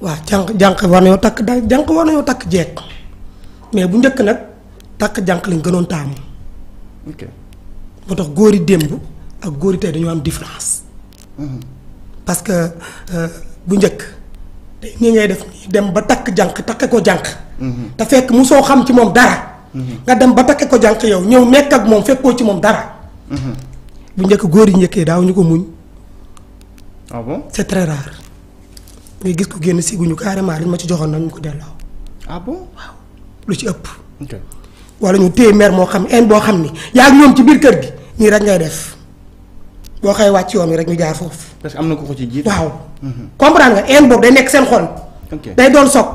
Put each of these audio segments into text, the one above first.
waaw jànq jànq war nañoo takk da jànq war nañoo takk jeeg mais bu njëkk nag takk jànq lañ gënoon taamu. ok moo tax góori démb ak góori tey dañoo am différence. Mhm. parce que euh, bu njëkk ni ngay def nii dem ba takk jànq takke ko jànq. Mhm. te fekk mu soo xam ci moom dara. Mhm. nga dem ba takke ko jànq yow ñëw nekk ak moom fekkoo ci moom dara. bu njëkk góor yi njëkkee daaw ñu ko muñ. ah bon c'est très rare. ngay gis ko génn siguñu carrément ñu ma ci joxoon nañ ko delloo. ah bon lu ci ëpp. wala ñu téye mer moo xam en boo xam ni yaa ak ci biir kër gi nii rek ngay def boo xëy wàcc yoon wi rek ñu jaar foofu. parce am na ko ko ci jiit. waaw mhm. comprendre nga en boobu day nekk seen xol. day doon soog.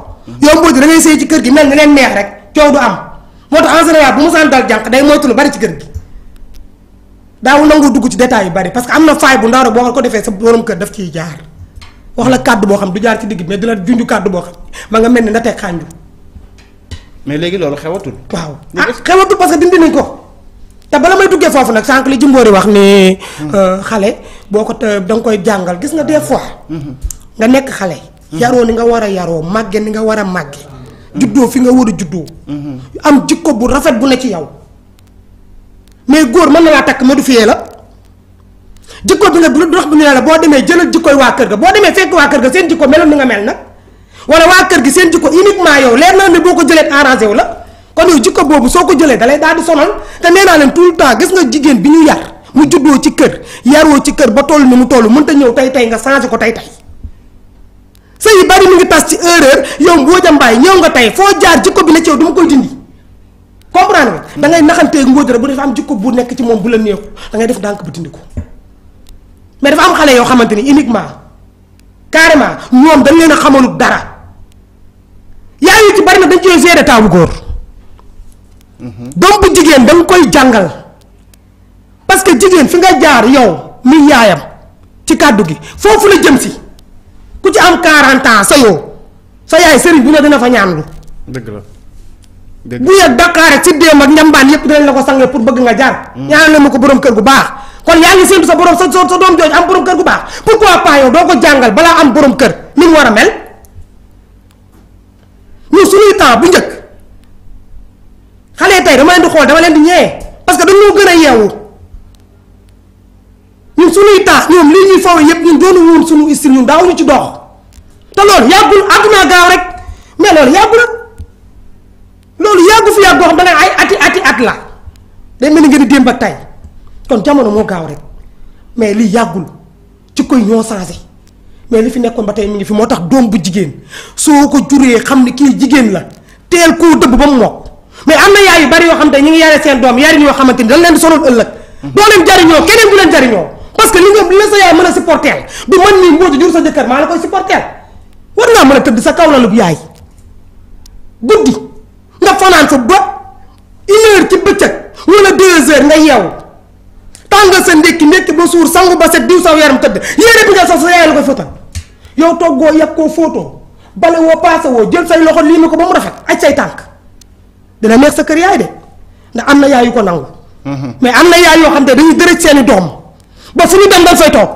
yow Mbodj da ngay ci kër gi mel ni leen neex rek coow du am moo tax en général bu mu saan dal jànq day moytu lu bari ci kër gi daawul nangu dugg ci détails yu bari parce que am na faay bu ndaw rek boo ko defee sa borom kër daf ciy jaar. wax la kàddu boo xam du jaar ci digg bi mais dina junj kàddu boo xam ma nga mel ni na teg xànju mais léegi loolu xewatul. waaw ah xewatul parce que dindi nañ ko. te bala may duggee foofu nag sànq li i wax ni. Hmm. Euh, xale boo ko da nga koy jàngal gis nga des fois. Hmm. nga nekk xale. Hmm. yaroo ni nga war a yaroo màgge ni nga war a màgge. juddoo fi nga war a juddoo. am jikko bu rafet bu ne ci yow. mais góor mën na laa takk ma du fiyee la. jikko bi nga du dox bi ne la boo demee jëlal jikkoy waa kër ga boo demee fekk waa kër ga seen jikko meloon ni nga mel nag wala waa kër gi seen jikko uniquement yow leer na ne boo ko jëlee arrangé wu la kon yow jikko boobu soo ko jëlee dalay daal di sonal te nee leen tout le temps gis nga jigéen bi ñu yar mu juddoo ci kër yaroo ci kër ba toll ni mu toll mënta ñëw tey tey nga changé ko tey tey sëy yi bari mu ngi tas ci erreur yow Mbodja Mbaye ñëw tey foo jaar jikko bi ne ci yow du ma koy dindi comprendre nga da ngay naxanteeg Mbodja rek bu dafa am jikko bu nekk ci moom bu la neexu da ngay def ndànk ba dindi ko am yoo xamante ni uniquement carrément ñoom dañ leen a xamalu dara yaay yu ci bari na dañ cee gérer taabu góor. Mhm. doom bu jigéen da nga koy jàngal parce que jigéen fi nga jaar yow mi yaayam ci kàddu gi foofu la jëm si ku ci am 40 ans sa yoo sa yaay sëriñ bu ne dina fa ñaanlu. dëgg la. bu yeg Dakar ak si démb ak njambaan yépp dinañ la ko sangee pour bëgg nga jaar. Mm. ñaanal ma ko boroom kër gu baax kon yaa ngi séntu sa borom sa sa doom jooju am borom kër gu baax pourquoi pas yow doo ko jàngal balaa am borom kër ni mu war a mel ñun suñuy temps bu njëkk xale tey dama leen di xool dama leen di ñëwee parce que dañoo gën a yeewu ñun suñuy temps ñoom lii ñuy fawee yëpp ñun doonu woon suñu istil ñun daawuñu ci dox te loolu yàggul àdduna gaaw rek mais loolu yàggul loolu yàggu fi yàgg boo xam da ngay ay ati ati at la day mel ni ngeen démb ak tey. kon jamono moo gaaw rek mais li yàggul ci koy ñoo changé mais li fi nekkoon ba tey mi ngi fi moo tax doom bu jigéen soo ko juree xam ne kii jigéen la teel koo dëbb ba mu mokk mais am na yaay yu bari yoo xam te ñu ngi yaare seen doom yarin yoo xamante ni dañ leen di sonal ëllëg doo leen jariñoo keneen du leen jariñoo parce que li nga li la sa yaay mën a supporteel du man nii mbooju jur sa jëkkër maa la koy a tëdd sa kaw la lu yaay guddi nga fanaan fa ba une heure ci bëccëg wala deux heures nga yeewu tàngal sa ndékki ndékki ba suur sangu ba set diw saw yaram tëdd yére bi nga sax sa yaay la koy fóotal yow toggoo yàq koo fóotoo bale woo paase woo jël say loxo lii mi ko ba mu rafet ak say tànk dina neex sa kër yaay de ndax am na yaay yu ko nangu mhm. mais am na yaay yoo xam te dañuy dërëj seeni doom ba fu ñu dem dañ fay toog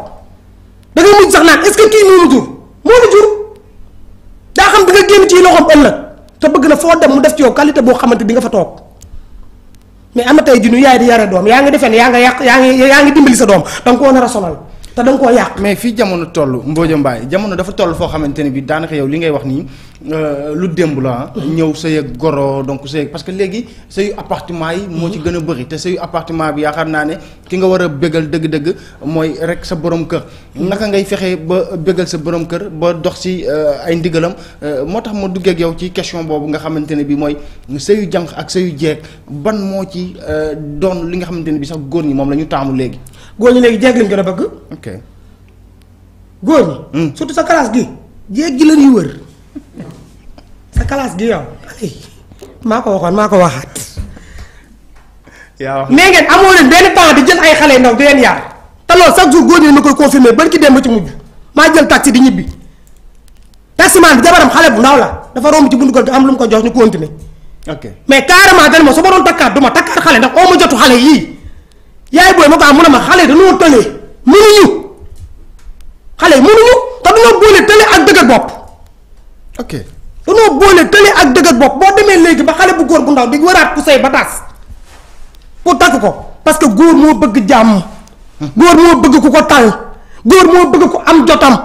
da ngay mujj sax naan est-ce que kii moo jur moo jur daa xam nga génn ci loxoom ëllëg te bëgg na foo dem mu def ci yow qualité boo xamante di nga fa toog mais ama tey ji nu yaay di yare doom yaa ngi defe ne yaa nga yàq yaa ngi yaa ngi dimbali sa doom danga ko war a te da nga koo yàq. mais fii jamono toll Mbodia Mbaye jamono dafa toll foo xamante ne bi daanaka yow li ngay wax nii euh, lu démb la ah. mm-hmm. ñëw sa yëg goro donc sa yëg parce que léegi sayu appartement yi. moo ci mm-hmm. gën a bëri te sayu appartement bi yaakaar naa ne ki nga war a bégal dëgg-dëgg mooy rek sa borom kër. Mm-hmm. naka ngay fexe ba bégal sa borom kër ba dox si euh, ay ndigalam euh, moo tax ma duggee yow ci question boobu nga xamante ne bi mooy sayu jànq ak sayu jeeg ban moo ci doon li nga xamante ne bi sax góor ñi moom la ñu taamu léegi. góor ñi léegi jeeg lañ gën a bëgg. ok góor ñi. Hmm. surtout sa classe gi jeeg gi lañuy ñuy wër sa classe gi yow maa ko waxoon maa ko waxaat. yaa wax mais ngeen amoo leen benn temps di jël ay xale ndaw di leen yar te loolu chaque jour góor ñi ma koy confirmer ban ki dem ba ci mujj maa jël ci di ñibbi taxi man jabaram xale bu ndaw la dafa romb ci buntu kër am lu mu ko jox ñu continuer. ok mais carrément dañ ma su ma doon takkaat du ma takkaat xale ndax oo ma jotu xale yii. moo ko am mu ne ma xale dañoo tëlee mënuñu xale yi mënuñu te dañoo boole tële ak dëgg ak bopp. ok dañoo bopp boo demee léegi ba xale bu góor bu ndaw di waraat ku say ba taas pour takk ko parce que góor moo bëgg jàmm. góor moo bëgg ku ko tal góor moo bëgg ku am jotam.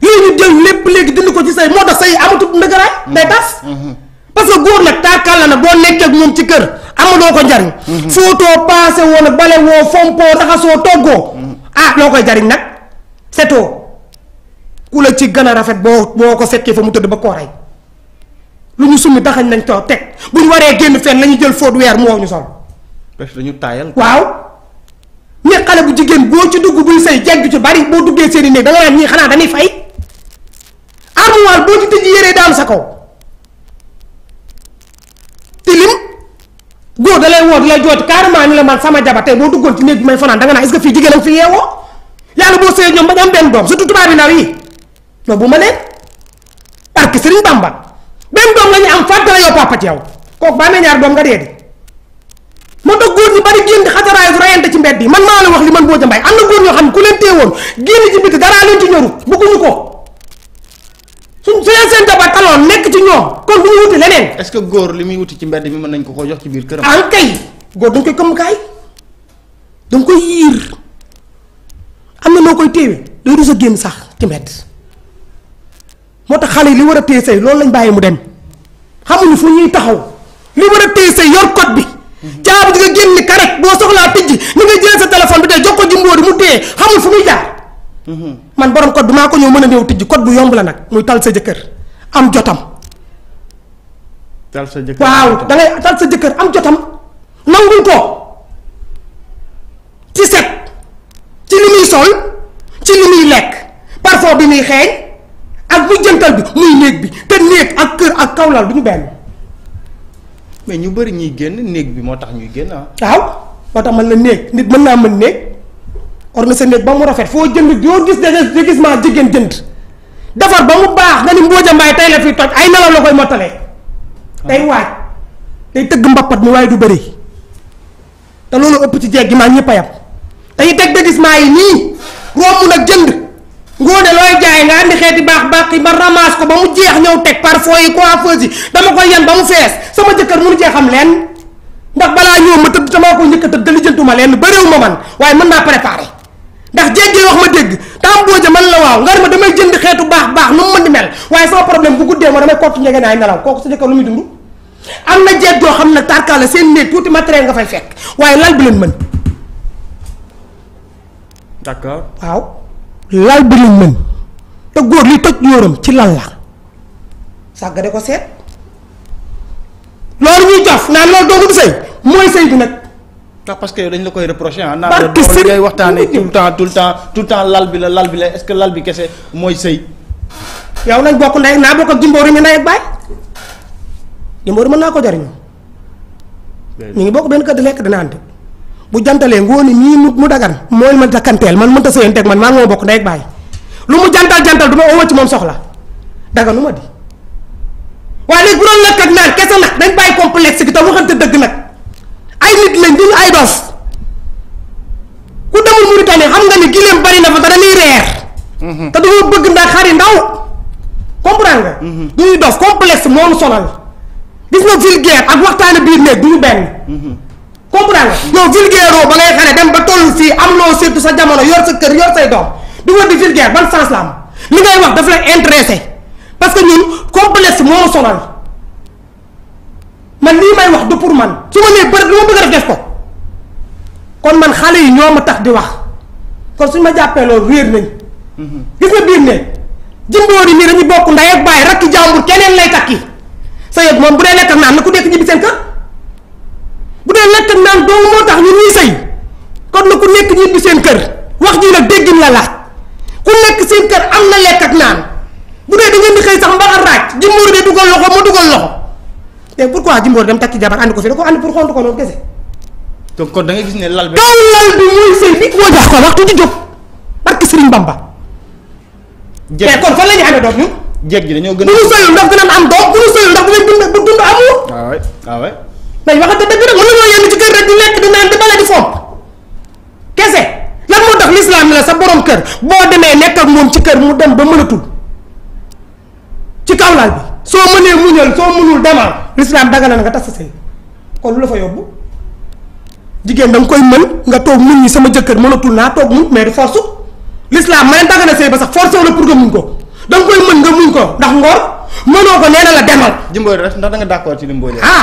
yooyu ñu jël lépp léegi dindi ko ci say moo tax say amatul ndëgëraay. day tas mm-hmm. parce que góor nag taakaal la na boo nekkee ak moom ci kër. amaloo ko njariñ mhm. footoo paase woon bale woo fompoo raxasoo toggoo mhm. ah loo koy jariñ nag setoo ku la ci gën a rafet boo boo ko sekkee fa mu tëdd ba koo rey lu ñu summi taxañ nañ too teg bu ñu waree génn fen lañu jël fóot weer mu wow ñu sol dañu taayal waaw ñi xale bu jigéen boo ci dugg buy say jegg ci bari boo duggee seeni néeg da nga naan xanaa dañuy fay armoire boo ci tëj yéree daanu sa kaw góor da lay woo di lay jooti carrément ni la man sama jabar tey boo duggoon ci néeg bi may fanaan danga naan est fii jigéen fi yeewoo yàlla boo sëyee ñoom ba ñu benn doom surtout ma leen barke Sëriñ Bamba benn doom la ñu am fàtte la yow papa kooku baa ne ñaar doom nga dee de moo tax góor ñi bari génn xataraayu rayante ci mbedd yi man maa la wax li man boo jëmbaay am na góor ñoo xam ne ku leen téewoon génn ci mbedd daraa leen ci ñoru ko leneen. est que góor li muy wuti ci mbedd mi mën nañ ko koo jox ci biir këram. ah kay góor dañ koy këmm kaay koy yiir am na noo koy téewe day rus a génn sax ci mbedd moo tax xale yi li war a téye say loolu lañ bàyyi mu dem xamuñu fu ñuy taxaw li war a téye say yor code bi. Mhm. caabi di nga génn karet boo soxlaa tijji ni nga jëlee sa téléphone bi tey jox ko jumbóori mu téye xamul fu muy jaar. Mhm. man borom code bi maa ko ñëw mën a néew tijji code bu yomb la nag muy tal sa jëkkër am jotam. tal sa jëkkër waaw da ngay sa jëkkër am jotam nangul ko ci set ci li muy sol ci li muy lekk parfum bi muy xeeñ ak bu jëntal bi muy néeg bi te néeg ak kër ak kawlal bu ñu benn. mais ñu bari ñuy génn néeg bi moo tax ñuy génn ah. waaw moo tax man na néeg nit mën naa mën néeg or nga sa néeg ba mu rafet foo jënd yoo gis ne gis maa jigéen jënd defar ba mu baax nga ni mbooja mbaay tey la fi toj ay nelaw la koy mottalee. day waaj day tëgg mbappat mi waaye du bëri te loolu ëpp ci jeeg gi maa ñëpp a yam dañuy teg déguisement yi nii romb nag jënd ngóone looy jaay nga andi xeeti baax baax yi ba ramasse ko ba mu jeex ñëw teg parfum yi coiffeuse yi dama koy yan ba mu fees sama jëkkër mënu cee xam leen ndax balaa ñëw ma tëdd sama ko a tëdd da lijjantuma leen ma man waaye mën naa préparer ndax jéggee wax ma dégg tambooje man la waaw nga ne ma damay jënd xeetu baax baax jëkkër lu muy dund am na jeet joo xam ne tarkaala seen néeg tuuti matériel nga fay fekk waaye lal bi leen mën. d'accord waaw lal bi leen mën te góor li toj yóoram ci lal la sàggade ko seet loolu ñuy jof naan loolu doogu du sëy mooy sëy bi nag. ndax ah, parce dañ la koy reproché ah. naan la ngay waxtaanee tout le temps tout le temps lal bi la lal bi la est-ce que lal bi kese mooy sëy. yow nañ bokk ndey naa bokk ak Jimbo ñu ndey ak baay. Yambour mën naa ko jariñoo ñu ngi bokk benn kër di lekk dina ànd bu jantalee ngoone mii mu mu dagan mooy man ta man mënta sëyeen teg man maa ngi moo bokk ndey ak bàyyi lu mu jàntal jantal du ma owoo ci moom soxla daganu di waaye léegi bu doon lekk ak naan kese nag dañ bàyyi complexe bi te waxante dëgg nag ay nit lañ duñu ay dof ku demul Mauritanie xam nga ni gileem bari na fa te dañuy reer mhm. te dañoo bëgg ndax xari ndaw comprendre nga mhm. duñuy dof sonal gis nga vulgaire ak waxtaane biir néeg du ñu benn. comprendre nga yow vulgaire ba ngay xale dem ba toll si am loo surtout sa jamono yor sa kër yor say doom di wër di vulgaire ban sens la am li ngay wax daf lay intéressé parce que ñun complexe moo sonal man lii may wax du pour man su ma nee bëri lu ma bëgg a def ko kon man xale yi ñoo ma tax di wax kon suñ ma jàppee loolu wéer nañ. Mhm. gis nga biir ne jëmbóor yi nii ñu bokk ndey ak baay rakki jàmbur keneen lay takki. sa yëg moom bu dee lekk ak naan na ku nekk ñibbi seen kër bu dee lekk ak naan doomu moo tax ñun ñuy sëy kon na ku nekk ñibbi seen kër wax ji nag déggin la laaj ku nekk seen kër am na lekk ak naan bu dee da ngeen di xëy sax mba raaj jimboor de ko loxo ma dugal loxo mais eh, pourquoi jimboor dem takki jabar andi ko fi da ko andi pour xont ko noonu kese. donc kon da nga gis ne lal bi. kaw lal bi muy sëy nit moo jox ko waxtu ji jóg barke Serigne Bamba. jërëjëf mais eh, kon fan la jeeg ji dañoo gën a. bu ñu sëyul ndax dinañ am doom bu ñu dund bu dund amul. waaw waay waaw waay. mais waxante dëgg rek mën nañoo yenn ci kër di lekk di naan di bale di fomp kese lan moo tax lislaam la sa borom kër boo demee nekk moom ci kër mu dem ba mënatul ci kawlaal bi soo mënee muñal soo mënul demal lislaam dagal na nga tas sa sëy kon lu la fa yóbbu jigéen da koy mën nga toog muñ ñi sama jëkkër mënatul naa toog muñ mais du force lislaam ma leen dagal sëy ba sax forcé wala pour nga ko. da nga koy mën nga muñ ko ndax ngor mënoo ko nee na la demal. Jimbori rek ndax da nga d'accord ci li Mbodj. ah